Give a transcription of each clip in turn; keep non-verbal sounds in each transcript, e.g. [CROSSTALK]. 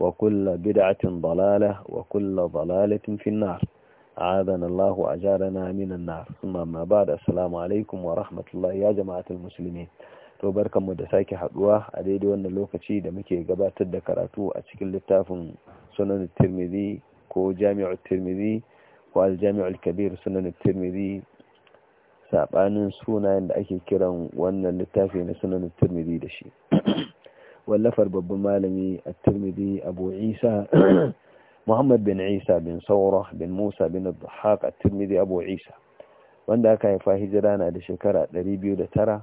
وكل بدعة ضلالة وكل ضلالة في النار عاذنا الله وأجارنا من النار ثم ما بعد السلام عليكم ورحمة الله يا جماعة المسلمين to mu da sake haduwa a daidai wannan lokaci da muke gabatar da karatu a cikin littafin sunan tirmidhi ko jami'u tirmidhi ko al-jami'u kabir sunan tirmidhi sabanin sunayen da ake kiran wannan littafi na sunan tirmidhi da shi wallafar babban malami a turmidi abu isa [CLEARS THROAT] muhammad bin isa bin saura bin musa bin abdullahi a turmidi abu isa wanda aka haifa hijira na da shekara 209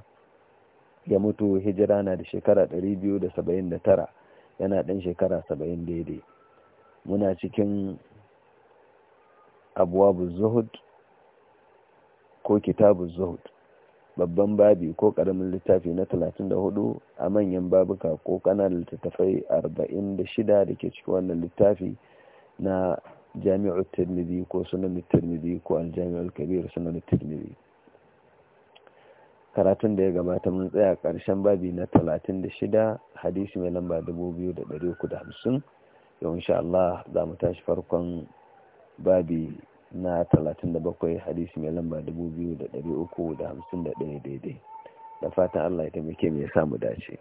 ya mutu hijira na da shekara 279 yana ɗan shekara 70 daidai muna cikin abuwa zuhud ko kitabu zuhud babban babi ko karamin littafi na 34 a manyan babuka ko kananan littattafai 46 da ke cikin wannan littafi na jami'ar tirmidhi ko sunan tirmidhi ko aljami'ar kabir sunan tirmidhi karatun da ya gabata mun tsaya karshen babi na 36 hadisi mai lamba 2350 yau insha Allah za mu tashi farkon babi na 37 hadisi mai lamba 2351 daidai da fatan Allah ya taimake mai ya samu dace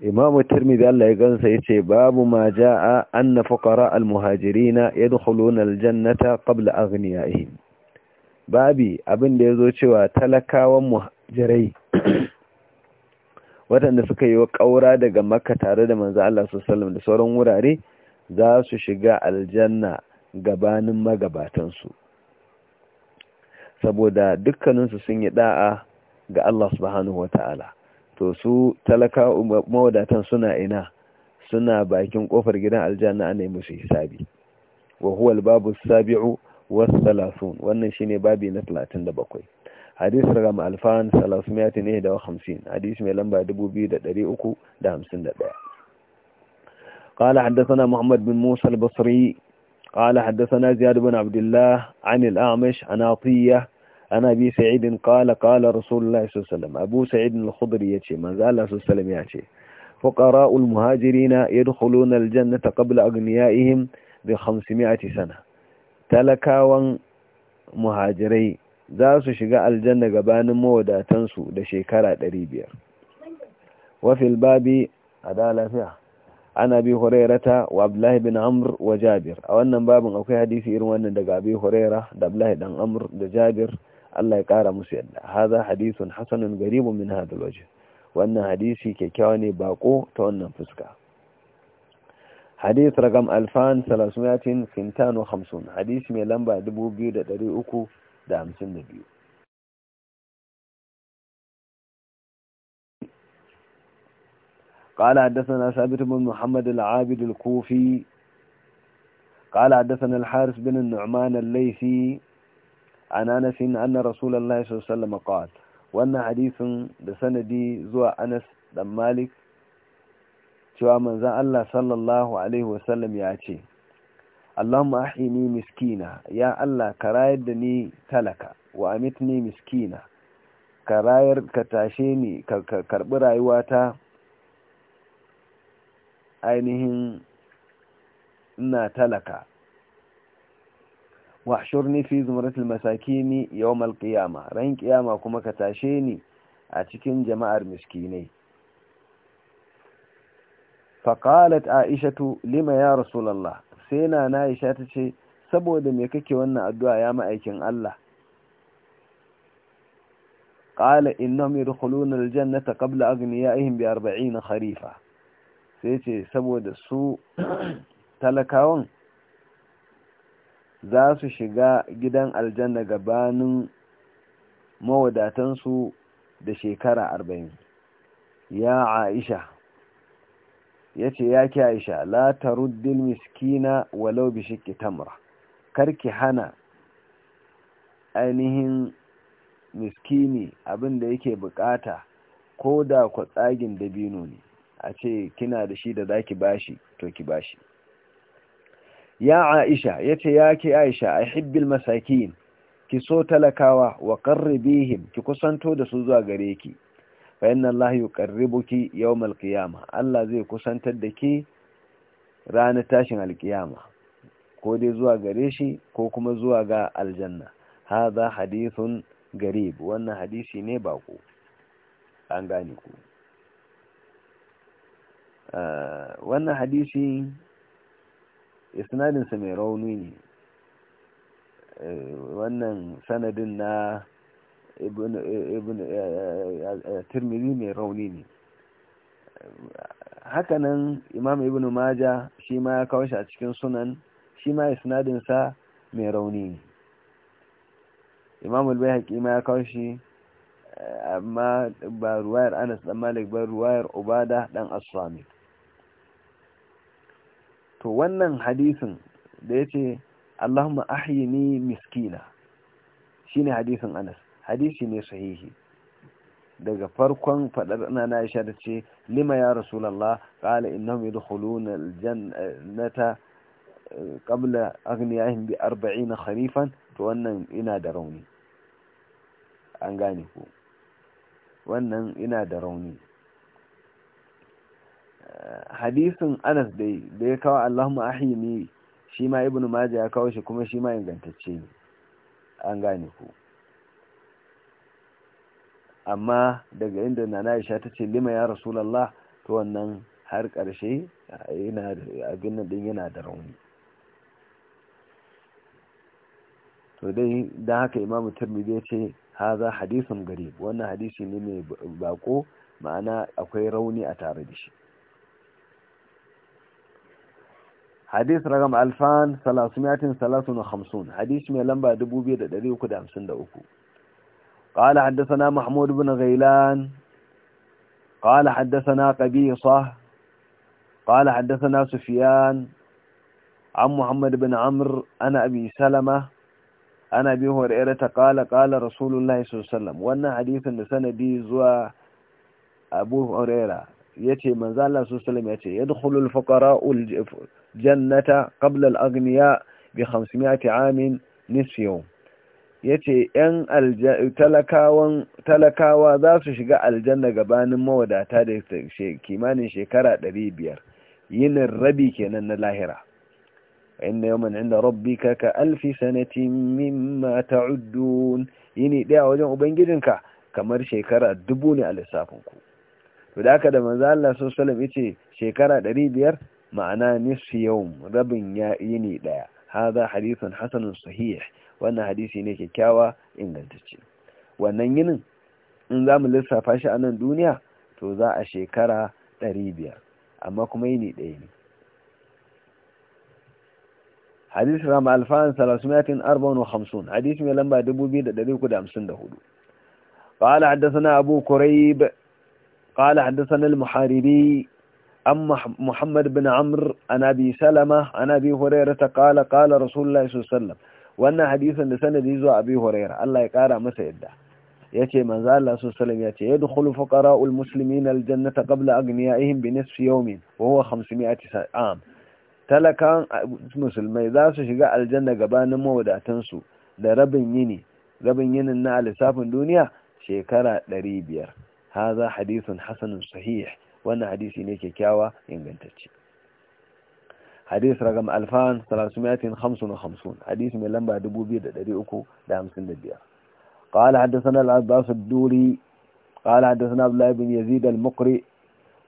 imamu tirmidhi Allah ya gansa yace babu ma jaa anna fuqara almuhajirina yadkhuluna jannata qabla aghniyaihim babi abin da yazo cewa talakawan muhajirai waɗanda suka yi wa ƙaura daga makka tare da manzo Allah sallallahu alaihi da sauran wurare za su shiga aljanna gabanin magabatansu saboda dukkaninsu sun yi da'a ga Allah subhanahu ta'ala to su talaka mawadatan suna ina suna bakin kofar gidan aljanna ana musu hisabi wa huwa babu sabiu was salasun wannan shine babi na 37 hadis ragam alfan 351 hadis mai lamba 2351 قال حدثنا محمد بن موسى البصري قال حدثنا زياد بن عبد الله عن الأعمش عن عطية عن أبي سعيد قال قال رسول الله صلى الله عليه وسلم أبو سعيد الخضري يتشي من زال الله صلى الله عليه وسلم فقراء المهاجرين يدخلون الجنة قبل أغنيائهم بخمسمائة سنة تلكاوا مهاجري za شقاء الجنة قبان مودا تنسو دشيكارات shekara وفي الباب عدالة فيها ana bi hurairata wa abdullahi bin amr wa jabir a wannan babin akwai hadisi irin wannan daga abi huraira da abdullahi dan amr da jabir Allah ya kara musu yadda hadha hadithun hasanun garibun min hadha alwajh wannan hadisi kyakkyawa ne bako ta wannan fuska hadith ragam alfan 350 hadisi mai lamba 2352 قال حدثنا ثابت muhammad محمد kofi الكوفي قال حدثنا الحارث بن النعمان الليثي عن أنس أن رسول الله صلى الله عليه وسلم قال وأن حديث بسندي زوى أنس بن cewa manzan Allah sallallahu Alaihi wasallam ya ce, Allahumma ahini miskina, ya Allah ka rayar da ni talaka, wa amitni miskina, ka rayar ka tashe ni, ka karɓi rayuwata ainihin ina talaka shurni fi zumratul masakini yawmal qiyama ran qiyama kuma ka tashe ni a cikin jama'ar miskinai Aisha aishatu lima ya rasulullah sai na aisha ce saboda me kake wannan addu'a ya ma'aikin Allah qala innahum yadkhuluna aljannata qabla aghniyaihim bi 40 kharifa sai ce saboda su talakawan za su shiga gidan aljanna gabanin mawadatansu da shekara arba'in ya aisha ya ce ya ki aisha la taruddin miskina walau bishikki tamra karki hana ainihin miskini abinda da yake bukata ko da kwatsagin dabino ne a ce kina da shi da zaki bashi to ki bashi ya aisha yace ya ke aisha a hibbil masakin ki so talakawa wa qarribihim ki kusanto da su zuwa gare ki fa inna allahi yuqarribuki yawmal qiyama Allah zai kusantar da ki ranar tashin alkiyama ko dai zuwa gare shi ko kuma zuwa ga aljanna hadha hadithun garib wannan hadisi ne bako an gane ku Eh, wannan hadisi isnadinsa mai rauni ne eh, wannan sanadin na eh, tirmidhi mai rauni ne hakanan imam ibn maja shi ma ya kawo shi a cikin sunan shi ma isnadinsa mai rauni ne imam al-bayhaqi ma ya kawo shi amma ba ruwayar anas dan malik ba ruwayar ubada dan as-samit to wannan hadisin da ya ce Allahumma ahyini miskina shine hadisin Anas hadisi ne sahihi daga farkon fadar na, na Aisha da ce lima ya rasulullah qala innahum yadkhuluna aljannata eh, qabla aghniyahum bi 40 kharifan to wannan ina da rauni an gane ku wannan ina da rauni hadisin anas da ya kawo allahumma ahini shi ma ibn maja ya kawo shi kuma shi ma ingantacce ne an gane ku amma daga inda nana isha ta ce lima ya rasulallah to wannan har ƙarshe yana abin din yana da rauni to dai don haka imamu turmidi ya ce haza hadisun gari wannan hadisi ne mai bako ma'ana akwai rauni a tare da shi حديث رقم 2350 حديث من لمبا 2353 قال حدثنا محمود بن غيلان قال حدثنا قبيصة قال حدثنا سفيان عن محمد بن عمرو أنا أبي سلمة أنا أبي هريرة قال قال رسول الله صلى الله عليه وسلم وأن حديث سندي زوى أبو هريرة ya ce manzo Allah su ce ya ce fukara jannata agniya al hamsin bi 500 amin ya yace yan talakawa za su shiga aljanna gabanin mawadata da kimanin shekara 500 yinin rabi kenan na lahira inna yawman inda rabbika ka alfi sanatin mimma ta'uddun yini daya wajen ubangijinka kamar shekara dubu ne a lissafinku to da aka da manzo Allah sallallahu alaihi wasallam shekara 500 ma'ana nisfi yawm rabin ya yi ni daya haza hadithun hasanun sahih wannan hadisi ne kyakkyawa ingantacce wannan yinin in za mu lissafa shi a nan duniya to za a shekara 500 amma kuma yi ni daya ne hadisi ram alfan 354 hadisi mai lamba 2354 قال حدثنا أبو كريب قال حدثنا المحاربي أم محمد بن عمرو عن أبي سلمة عن أبي هريرة قال قال رسول الله صلى الله wannan hadisin da sanadi zuwa abi huraira Allah ya kara masa yadda yace manzo Allah sallallahu alaihi yace yadkhulu fuqara'ul muslimin aljannata qabla aghniyaihim bi nisfi yawmin wa huwa 500 am talakan musulmai za su shiga aljanna gabanin mawadatan su da rabin yini rabin yinin na lissafin duniya shekara 500 haza hadisun hasanun sahih wannan hadisi ne ke kyakkyawa ingantacce hadis ragam alfan 355 hadis mai lamba 2355 قال حدثنا العباس الدوري قال حدثنا عبد الله بن يزيد المقري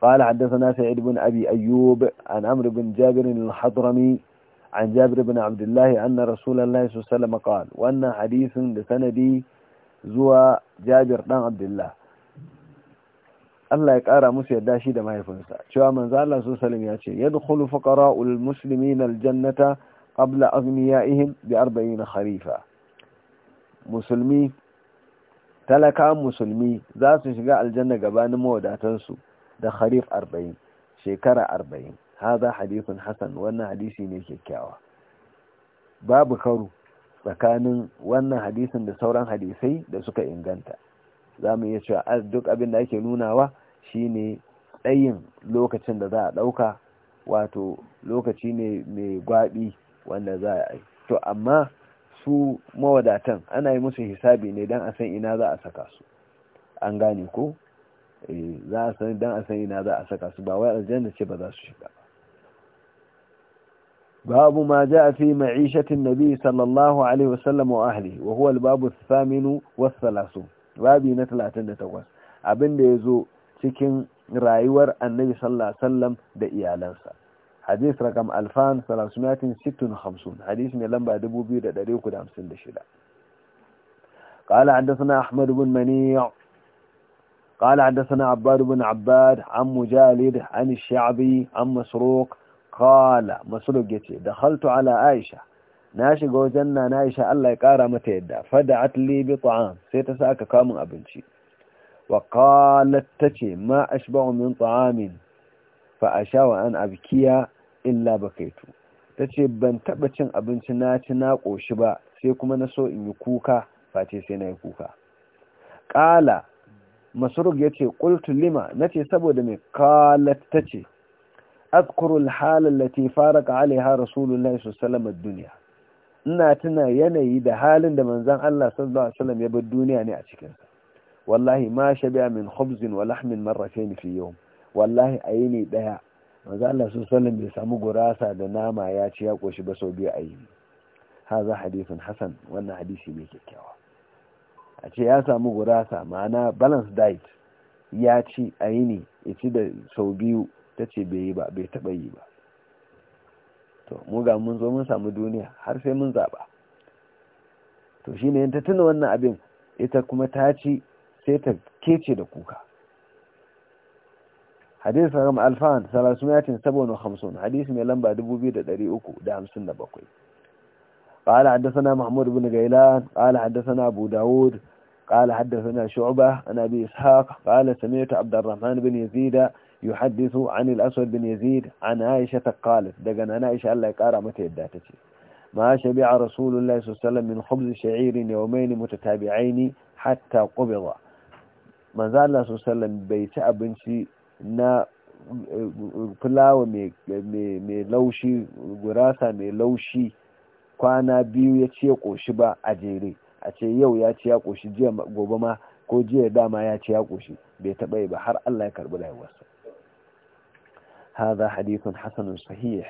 قال حدثنا سعيد بن sa'id أيوب عن عمرو بن جابر الحضرمي عن جابر بن عبد الله أن رسول الله صلى الله عليه وسلم قال وأن حديث لسندي sanadi جابر بن عبد الله Allah ya ƙara musu yadda shi da mahaifinsa cewa manzo Allah sun salim ya ce yadkhulu fuqara'ul muslimina aljannata qabla aghniyaihim bi 40 kharifa musulmi talaka musulmi za su shiga aljanna gabanin mawadatansu da kharif 40 shekara 40 haza hadithun Hassan wannan hadisi ne kyakkyawa babu karu tsakanin wannan hadisin da sauran hadisai da suka inganta za mu iya cewa duk abin da ake nunawa shine ɗayin lokacin da za a ɗauka wato lokaci ne mai gwaɓi wanda za a yi to amma su mawadatan ana yi musu hisabi ne don a san ina za a saka su an gane ko eh, za a san don a san ina za a saka su ba wai aljanna ce ba za su shiga ba babu ma ja a fi ma'ishatin nabi sallallahu alaihi wasallam wa ahli wa huwa babu saminu wasu babi na 38 abin da ya zo cikin rayuwar annabi sallallahu alaihi wasallam da iyalansa hadis rakam alfan 350 hadis mai lamba 2356 قال حدثنا abbad بن منيع قال حدثنا عباد بن عباد عن مجالد عن الشعبي عن مسروق قال مسروق يتي دخلت على na shiga wajen na na isha Allah ya ƙara mata yadda fada atli bi ta'am sai ta sa aka kamun abinci wa qalat tace ma ashba'u min ta'amin fa ashawa an abkiya illa bakaitu tace ban taba cin abinci na ci na koshi ba sai kuma na so in yi kuka face sai na yi kuka qala masrug yace qultu lima nace saboda me qalat tace اذكر الحاله التي فارق عليها رسول الله صلى الله عليه وسلم ina tuna yanayi da halin da manzan Allah sallallahu alaihi wasallam ya bar duniya ne a cikin wallahi ma shabi'a min khubzin wa lahmin marratayn fi yawm wallahi ayini daya manzan Allah sallallahu alaihi bai samu gurasa da nama ya ci ya koshi ba sau biyu ayini haza hadithun hasan wannan hadisi ne kyakkyawa a ce ya samu gurasa ma'ana balance diet ya ci ayini ya ci da sau biyu ta ce bai yi ba bai taba yi ba to mu ga mun zo mun samu duniya har sai mun zaba to shine yanta tuna wannan abin ita kuma ta ci sai ta kece da kuka hadis ram alfan 357 hadis mai lamba 2357 qala hadathana mahmud ibn gailan qala hadathana abu daud qala hadathana shu'bah an abi ishaq qala sami'tu abd alrahman ibn yazida يحدث عن الأسود بن يزيد عن عائشة قالت دقنا عائشة الله يقارى متى يداتك ما شبع رسول الله صلى الله عليه وسلم من خبز شعير يومين متتابعين حتى قبض ما زال الله صلى الله عليه وسلم بيت أبنشي نا fulawa مي laushi gurasa mai laushi kwana biyu ya ce ƙoshi ba a jere a ce yau ya ce ya ƙoshi jiya gobe ma ko jiya dama ya ce ya ƙoshi hadha hadithun hasanun sahih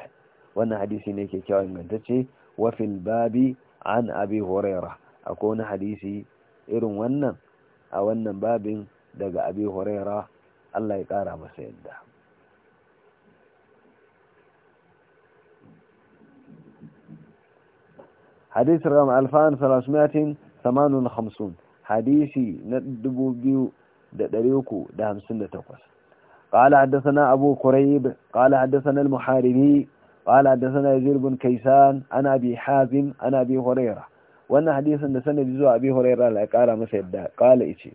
wannan hadisi ne ke kyawun ingantacce wa fil babi an abi huraira akwai wani hadisi irin wannan a wannan babin daga abi horera Allah ya kara masa yadda hadisi ram alfan 358 hadisi na takwas. قال حدثنا أبو قريب قال حدثنا المحاربي قال حدثنا يزير بن كيسان أنا أبي حازم أنا أبي هريرة وأن حديثا نسنة جزو أبي هريرة لأقال مسيدا قال إيشي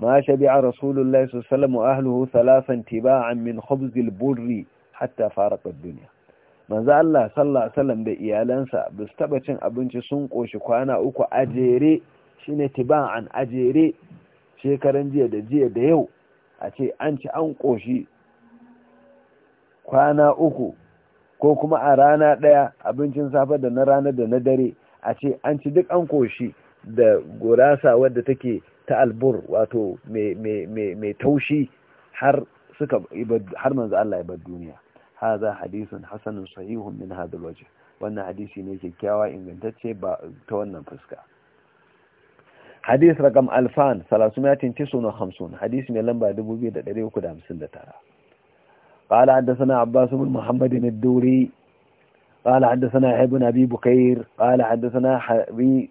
ما شبع رسول الله صلى الله عليه وسلم وأهله ثلاثا تباعا من خبز البري حتى فارق الدنيا manzo Allah sallallahu alaihi wasallam da iyalansa ba su taba cin abinci sun koshi kwana uku ajere shine tiban an ajere shekaran a ce an ci an ƙoshi kwana uku ko kuma a rana ɗaya abincin safe da na rana da na dare a ce an ci duk an ƙoshi da gurasa wadda take ta albur wato mai taushi har suka har manzo Allah ya bar duniya haza hadisun hasanun sahihun min hadal waje wannan hadisi ne kyakkyawa ingantacce ba ta wannan fuska حديث رقم hadis rakam alfan salasumiyatin tisuna hamsin hadis mai lamba 2359 قال حدثنا عباس بن محمد الدوري قال حدثنا يحيى بن أبي بكير قال حدثنا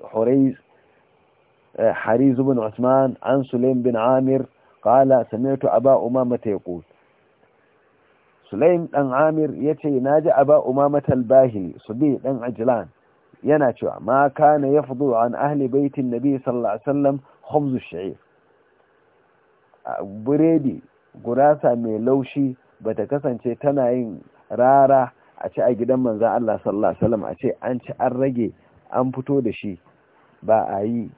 حريز حريز بن عثمان عن سليم بن عامر قال سمعت أبا أمامة يقول سليم بن عامر يتي ناجى أبا أمامة الباهي صديق بن عجلان yana cewa ma kana fudu an ahli baitin nabi sallallahu alaihi wasallam khumzu sha'ir buredi gurasa mai laushi bata kasance tana yin rara a ci a gidan manzan Allah sallallahu alaihi wasallam a ce an ci an rage an fito da shi ba a yi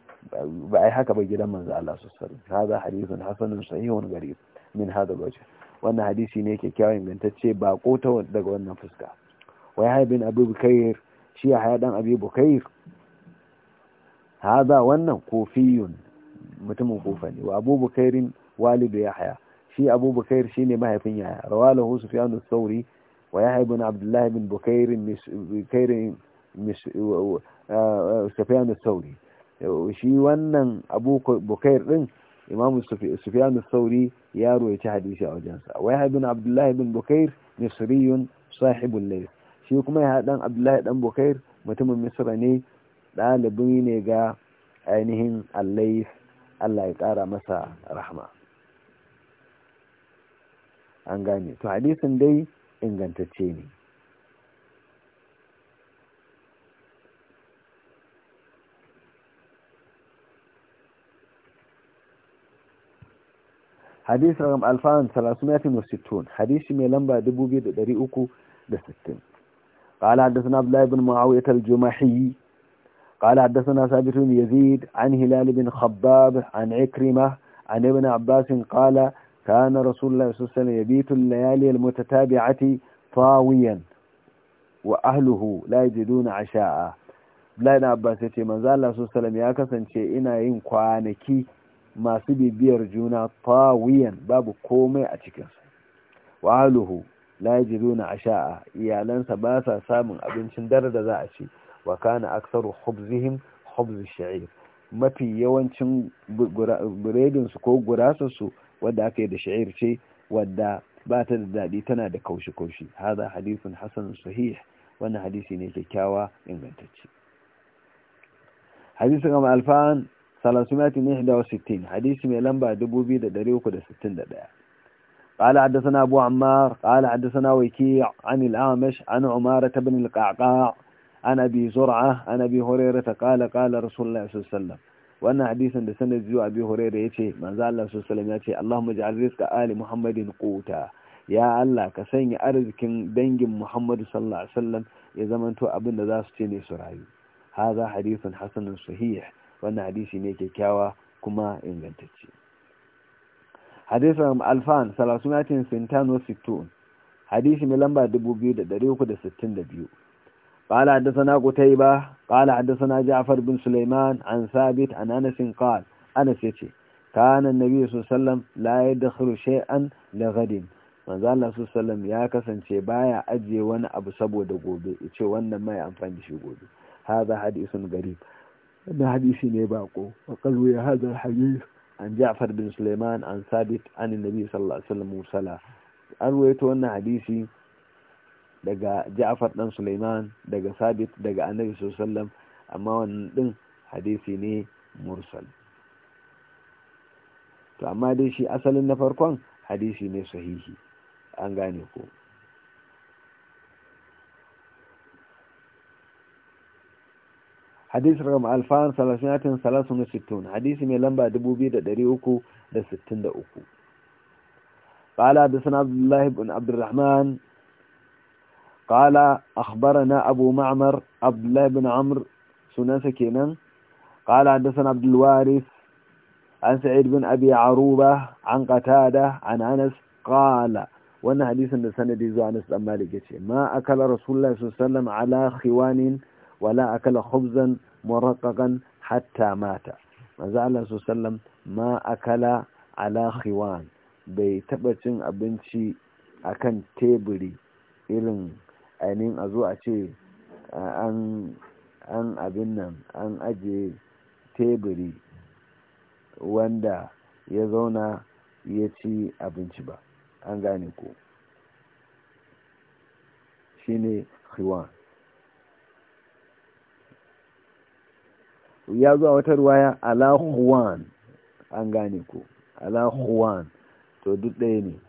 ba ai haka ba gidan manzo Allah sallallahu alaihi wasallam hada hadithun hasanun sahihun garib min hada wajh wannan hadisi ne kyakkyawan ingantacce ba kota daga wannan fuska Wai ya bin Abubakar shi ya haya ɗan abi bukair haza wannan kofiyun mutumin kofa ne wa abu bukairin walidu ya haya shi abu bukair shi ne mahaifin ya haya rawalahu sufyanu sauri wa ya haibun abdullahi bin bukairin uh, uh, sufyanu sauri shi wannan abu bukair din imam sufyan sauri ya roye hadisi a wajensa wa ya haibun abdullahi bin bukair misriyun sahibul layth shi kuma ya dan abdullahi dan bukair mutumin misra ne ɗalibi ne ga ainihin allais allah ya ƙara masa rahma an gane to hadisin dai ingantacce ne hadisi ragam alfahàn 360 hadisi mai lamba 2360 قال حدثنا عبد الله بن معاويه الجمحي قال حدثنا ثابت بن يزيد عن هلال بن خباب عن عكرمه عن ابن عباس قال كان رسول الله صلى الله عليه وسلم يبيت الليالي المتتابعه طاويا واهله لا يجدون عشاء لا ابن عباس يتي من زال الله صلى الله عليه وسلم يكسن شيئنا ينقوانكي ما سبي بير جونا طاويا باب كومي ا cikin واهله lajiruna a sha'a iyalansa ba sa samun abincin dare da za a ci wa kana aksaru khubzihim khubz sha'ir mafi yawancin buredin su ko gurasar su wadda aka yi da sha'ir ce wadda ba ta da daɗi tana da kaushi-kaushi haza hadisin hasan sahih wannan hadisi ne kyakkyawa ingantacce hadisin amma alfa'an 361 hadisi mai lamba 2361 قال حدثنا أبو عمار قال حدثنا وكيع عن الأعمش عن عمارة بن القعقاع عن أبي زرعة عن أبي هريرة قال قال رسول الله صلى الله عليه وسلم wannan hadisin da sanar zuwa abi hurairah yace manzo Allah sallallahu alaihi yace Allahumma ij'al rizqa ali muhammadin quta ya Allah ka sanya arzikin dangin Muhammadu sallallahu ya zamanto abin da za su ce ne su rayu haza hadithun hasanun sahih wannan hadisi ne kyakkyawa kuma ingantacce hadisi na alfan salasun yakin sintano 60 hadisi mai lamba 2,362 ƙala haddasa na kutai ba ƙala haddasa na ja'afar bin suleiman an sabit an anasin ƙal anas ya ce ta hannun na biyu sosallam layar da harshe an lagadin manzan Allah sosallam ya kasance baya ajiye wani abu saboda gobe ya ce wannan mai amfani shi gobe haza hadisun garib wannan hadisi ne bako ya wakalwe haza hadisun an ja'far bin suleiman an sabit an nabi sallallahu alaihi wasallam an ruwaito wannan hadisi daga ja'far dan suleiman daga sabit daga annabi sallallahu alaihi wasallam amma wannan din hadisi ne mursal to amma dai shi asalin na farkon hadisi ne sahihi an gane ko hadisi rama alfahar salasinatin salasu na sittun hadisi mai lamba dubu biyu da ɗari uku da sittin da uku ƙala da sana abdullahi bin abdurrahman ƙala na abu ma'amar abdullahi bin amr sunansa kenan ƙala da sana abdulwaris an sa'id bin abi aruba an qatada an anas ƙala wannan hadisin da sanadi zuwa nasu ɗan malik ma ma akala rasulullahi sallallahu alaihi wasallam ala khiwanin wala akala khubzan muraqqaqan hatta mata manzo Allah sallam ma akala ala khiwan bai taba cin abinci akan teburi irin ainihin a zo a ce an an abin nan an aje teburi wanda ya zauna ya ci abinci ba an gane ko shine khiwan ya zuwa wata ruwaya ala huwan hmm. an gane ko ala huwan hmm. to duk ɗaya ne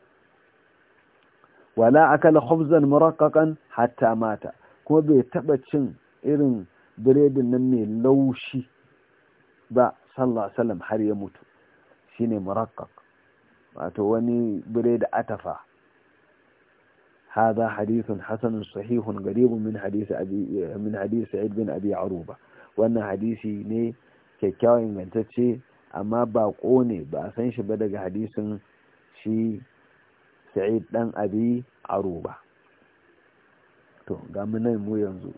wala akala khubzan muraqqaqan hatta mata kuma bai taɓa cin irin biredin nan mai laushi ba sallallahu alaihi wasallam har ya mutu shine muraqqaq wato wani biredi atafa هذا حديث حسن صحيح قريب من حديث أبي من حديث سعيد بن أبي wannan hadisi ne kyakkyawan ingantacce amma ba ƙone ba a san shi ba daga hadisin shi sa'id dan abi aro ba to ga nan mu yanzu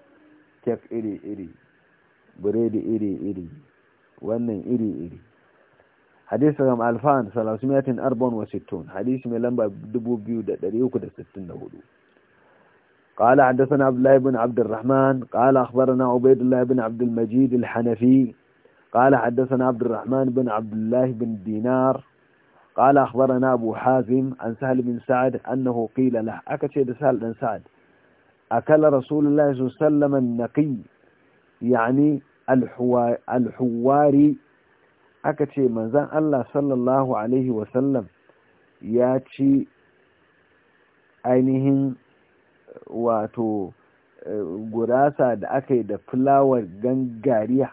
kek iri-iri biredi iri-iri wannan iri-iri hadisi ram alfan salasumiyatin arbon wasittun hadisi mai lamba 2364 قال حدثنا عبد الله بن عبد الرحمن قال أخبرنا عبيد الله بن عبد المجيد الحنفي قال حدثنا عبد الرحمن بن عبد الله بن دينار قال أخبرنا أبو حازم عن سهل بن سعد أنه قيل له أكتشد سهل بن سعد أكل رسول الله صلى الله عليه وسلم النقي يعني الحواري من ذا الله صلى الله عليه وسلم ياتي ainihin wato eh, gurasa da aka yi da fulawar gangariya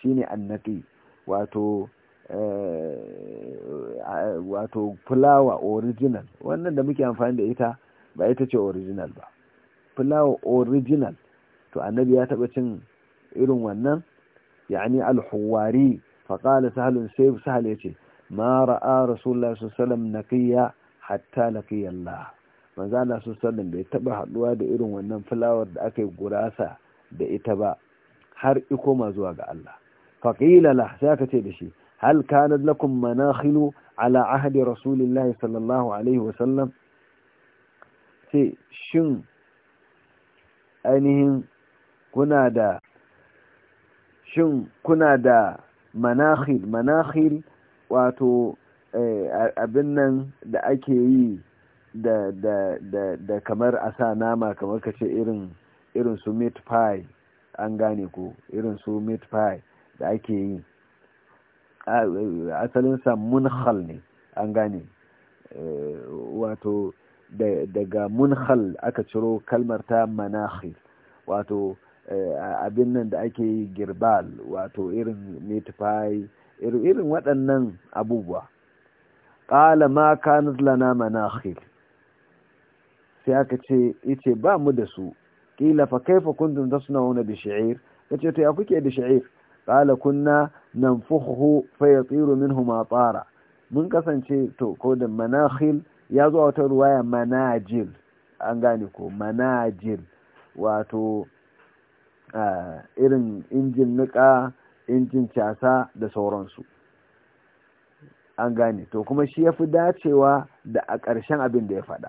shine annaki wato eh, wato fulawa original wannan da muke amfani da ita ba ita ce original ba fulawa original to annabi ya taba cin irin wannan yani alhuwari faƙala sahalin sai sahal ya ce ma ra'a rasulullah sallallahu alaihi wasallam naqiya hatta laqiya Allah manzo Allah sallallahu bai taba haduwa da irin wannan fulawar da aka gurasa da ita ba har ikoma zuwa ga Allah faqila la sai aka ce da shi hal kanat lakum manakhilu ala ahdi rasulillahi sallallahu alaihi wa sallam sai shin ainihin kuna da shin kuna da manakhil manakhil wato eh, abin nan da ake yi da da da da kamar a sa nama kamar ka ce irin irin su meat pie an gane ko irin su meat pie da ake yi asalin sa munhal ne an gane eh, wato daga munhal aka ciro kalmar ta manahi wato eh, abin nan da ake yi girbal wato irin meat pie irin waɗannan abubuwa ƙala ma kanat lana manahil sai aka ce yace ba mu da su kila fa kaifa kuntum tasnauna bi ka yace to ya kuke da shair qala kunna nanfukhu fa yatiru minhu ma tara mun kasance to ko da manahil ya zo wata ruwaya manajil an gane ko manajil wato irin injin nika injin casa da sauransu an gane to kuma shi ya fi dacewa da a ƙarshen abin da ya faɗa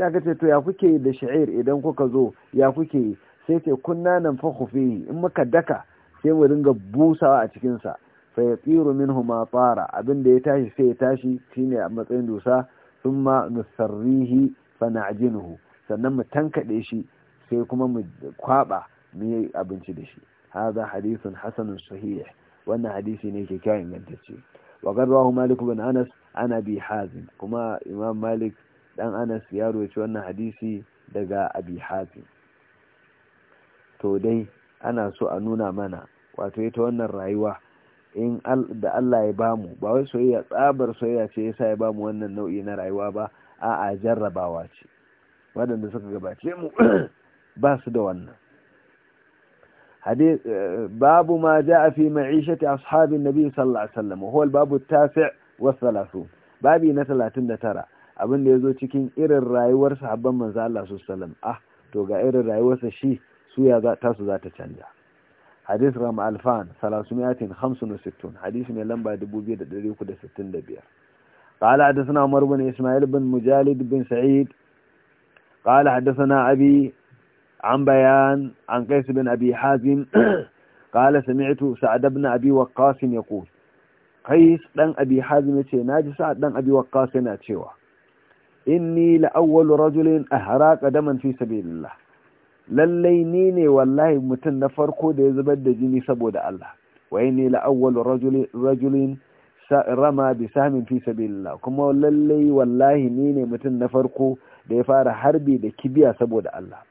sai aka ce to ya kuke da sha'ir idan kuka zo ya kuke sai ce kunna nan fa fihi in muka daka sai mu dinga busawa a cikin sa fa yatiru minhu ma tsara abin da ya tashi sai ya tashi shine a matsayin dusa thumma nusarrihi fa na'jinuhu sannan mu tankade shi sai kuma mu kwaba mu yi abinci da shi hadha hadithun hasanun sahih wannan hadisi ne kyakkyawan ingantacce wa garwahu malik bin anas ana bi hazim kuma imam malik dan anas ya roci wannan hadisi daga abi hafi to dai ana so a nuna mana wato ita wannan rayuwa in da Allah ya bamu ba wai soyayya tsabar soyayya ce yasa ya bamu wannan nau'i na rayuwa ba a'a jarrabawa ce Wadanda suka gabace mu [CLEARS THROAT] ba su da wannan eh, babu ma ja'a fi ma'ishati ashabin nabi sallallahu alaihi wasallam huwa babu tafi' wa babi na 39 abin da ya zo cikin irin rayuwar sahabban manzo Allah su ah to ga irin rayuwarsa shi su ya za tasu za ta canja hadis ram alfan 365 hadis ne lamba 2365 qala hadathana umar bin isma'il bin mujalid bin sa'id qala hadathana abi عن بيان عن قيس بن أبي حازم قال سمعت سعد بن أبي وقاص يقول قيس بن أبي حازم ناجي dan بن أبي وقاص cewa. inni la'awwalu rajulin ahraqa daman fi sabilillah lallai ni ne wallahi mutum na farko da ya zubar da jini saboda Allah wa inni la'awwalu rajulin rajulin rama bi sahmin fi sabilillah kuma lallai wallahi ni ne mutum na farko da ya fara harbi da kibiya saboda Allah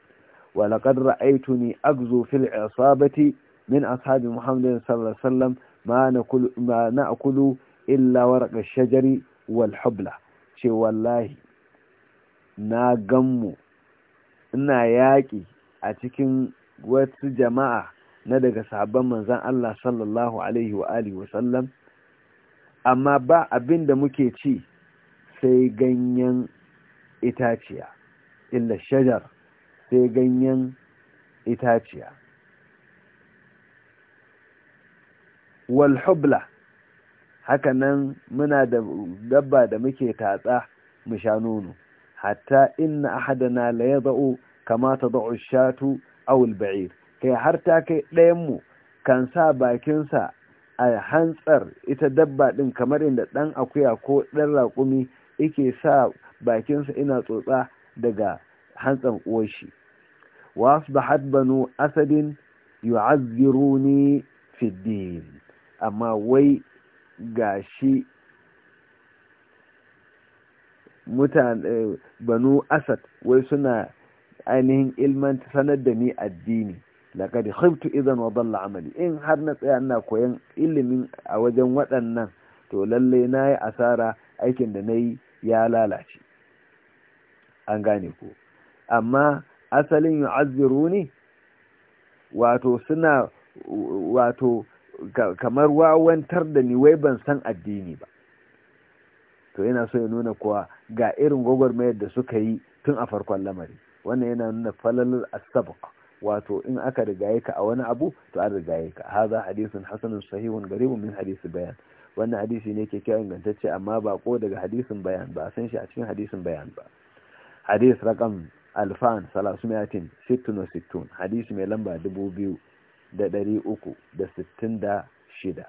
wa laqad ra'aytuni agzu fil isabati min ashabi muhammadin sallallahu alaihi wasallam ma na'kulu ma na'kulu illa warqa shajari wal hubla ce wallahi na gan mu, ina yaƙi a cikin wasu jama'a na daga sabon manzan Allah sallallahu Alaihi wa Alihi amma ba abin da muke ci sai ganyen itaciya, illa shajar sai ganyen itaciya. Walhubla, hakanan muna da dabba da muke tatsa mu sha nono. hatta inna ahadana la yada'u kama tad'u ash-shatu aw al kai har ta kai ɗayan mu kan sa bakinsa a hantsar ita dabba din kamar inda dan akuya ko dan raƙumi yake sa bakinsa ina tsotsa daga hantsan uwar shi wa asbahat banu asadin yu'azziruni fi din amma wai gashi mutane banu asad wai suna ainihin ilman sanar da ni addini laqad khibtu idan wa dalla amali in har na tsaya ina koyan ilimin a wajen waɗannan to lalle nayi asara aikin da nayi ya lalace an gane ko amma asalin yu'azziruni wato suna wato kamar wawantar da ni wai ban san addini ba to yana so ya nuna kuwa ga irin gwagwarmayar da suka yi tun a farkon lamari wannan yana nuna falalar asabq wato in aka yi ka a wani abu to an yi ka haza hadisin hasanun sahihun garibun min hadisi bayan wannan hadisi ne ke kyawun ingantacce amma ba ko daga hadisin bayan ba san shi a cikin hadisin bayan ba hadis rakam alfan salasumiyatin sittun sittun hadisi mai lamba dubu biyu da ɗari uku da sittin da shida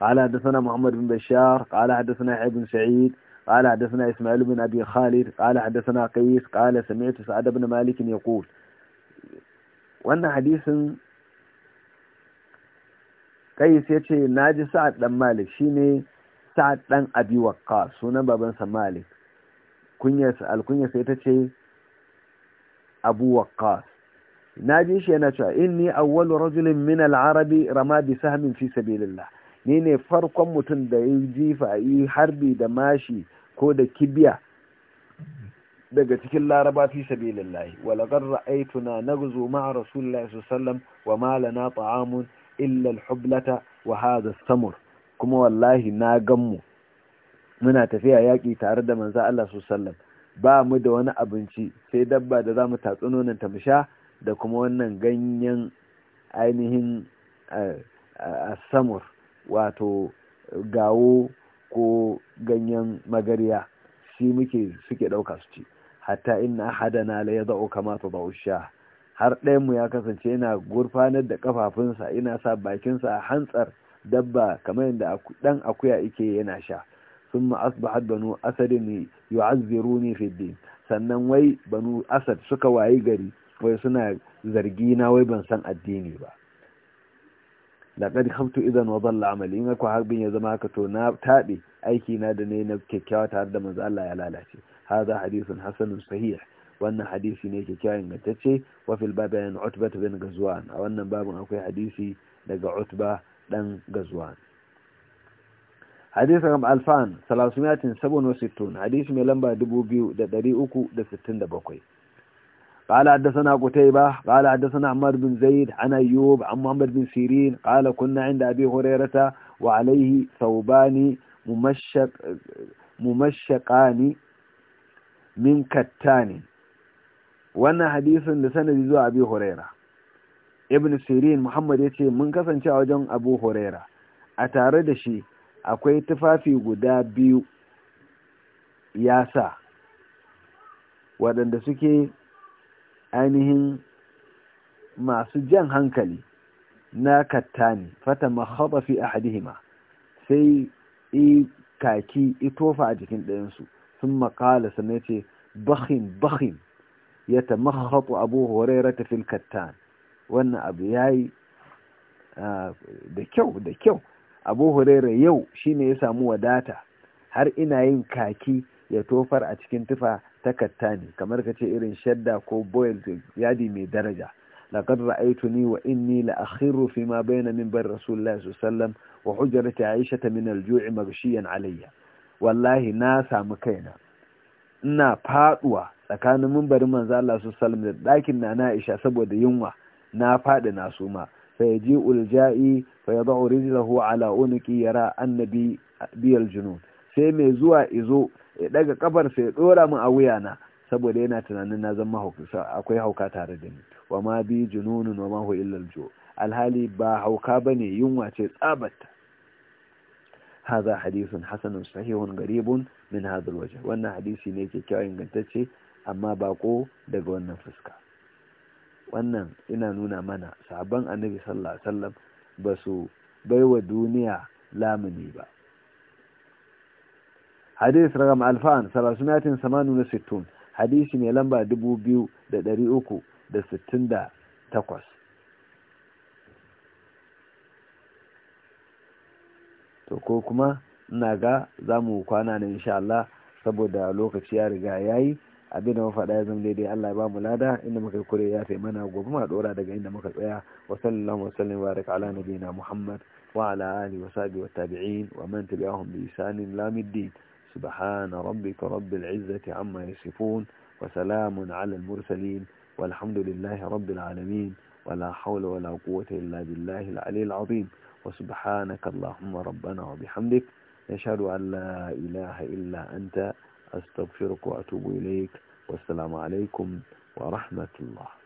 قال حدثنا محمد بن بشار قال حدثنا يحيى بن سعيد قال حدثنا إسماعيل بن أبي خالد قال حدثنا قيس قال سمعت سعد بن مالك يقول وأن حديث قيس يتي ناجي سعد بن مالك شيني سعد بن أبي وقاص سنة بابن مالك كنية الكنية سيتتي أبو وقاص ناجي شيني أول رجل من العرب رمى بسهم في سبيل الله ni ne farkon mutum da ya jifa yi harbi da mashi ko da kibiya daga cikin laraba fi sabilillahi na ra'aytuna naghzu ma'a rasulillahi sallam wa ma na ta'amun illal hublata wa haza samur kuma wallahi na ganmu muna tafiya yaƙi tare da manza Allah sallam ba mu da wani abinci sai dabba da zamu tatsunonin ta mu sha da kuma wannan ganyen ainihin eh, eh, a samur wato gawo ko ganyen magarya shi muke suke ɗauka su ci hatta hada na la yad'u kama tad'u sha har ɗayan mu ya kasance yana gurfanar da kafafunsa ina sa bakinsa a hantsar dabba kamar yadda ɗan akuya yake yana sha sun thumma asbahat banu asad yu'azziruni fi sannan wai banu asad suka wayi gari wai suna zargi na wai ban san addini ba laqad kamtu idan wa la'amali amali in harbin ya zama haka to na tabe aiki na da ne na kyakkyawa tare da manzo Allah ya lalace hadha hadithun hasanun sahih wannan hadisi ne kyakkyawan ingantacce wa fil babi an utba bin gazwan a wannan babin akwai hadisi daga utba dan gazwan hadisi kam alfan 367 hadisi mai lamba 2367 قال حدثنا قتيبة قال حدثنا عمار بن زيد عن أيوب عن محمد بن سيرين قال كنا عند أبي هريرة وعليه ثوبان ممشق ممشقان من كتان wannan hadisin da sanadi zuwa abu huraira ibn sirin muhammad ya ce mun kasance a wajen abu huraira a tare da shi akwai tufafi guda biyu ya sa waɗanda suke ainihin masu jan hankali na kattani fata mahaɓa fi hadihima sai i kaki itofa a jikin ɗayansu sun makala sannan ce bakin bakin ya ta mahaɓa abu horaira ta fil kattan wannan abu ya yi da kyau da kyau abu horaira yau shine ya samu wadata har ina yin kaki ya tofar a cikin tufa takatta ne kamar ka ce irin shadda ko boil yadi mai daraja laqad ni wa inni la akhiru fi ma bayna minbar rasulullahi sallallahu wa hujrati aisha min al maghshiyan alayya wallahi na samu kaina ina faduwa tsakanin minbarin manzo Allah sallallahu da dakin Nana Aisha saboda yunwa na fadi na suma sai ji ulja'i fa yad'u rijlahu ala unqi yara annabi biyal junun sai mai zuwa izo ya daga kafarsa ya dora mun a wuyana saboda yana tunanin na zama akwai hauka tare da ni wa ma bi jununun wa ma hu illal alhali ba hauka bane yunwa ce tsabata hadha hadithun hasanun sahihun garibun min hadha waje. wannan hadisi ne kyakkyawa ingantacce amma bako daga wannan fuska wannan ina nuna mana sabon annabi sallallahu alaihi wasallam ba su baiwa duniya lamuni ba hadis ragam alfa'an 368 hadisi mai lamba dubu biyu da 2368 to ko kuma ina ga za mu kwana na insha Allah saboda lokaci ya riga ya yi abin da mafaɗa ya zama daidai Allah ya bamu lada inda muka kure ya sai mana gobe ma daga inda muka tsaya wa sallallahu wa sallam barik ala nabiyina Muhammad wa ala alihi wa sahbihi wa wa man tabi'ahum bi ihsanin lamiddin سبحان ربك رب العزة عما يصفون وسلام على المرسلين والحمد لله رب العالمين ولا حول ولا قوة إلا بالله العلي العظيم وسبحانك اللهم ربنا وبحمدك نشهد أن لا إله إلا أنت أستغفرك وأتوب إليك والسلام عليكم ورحمة الله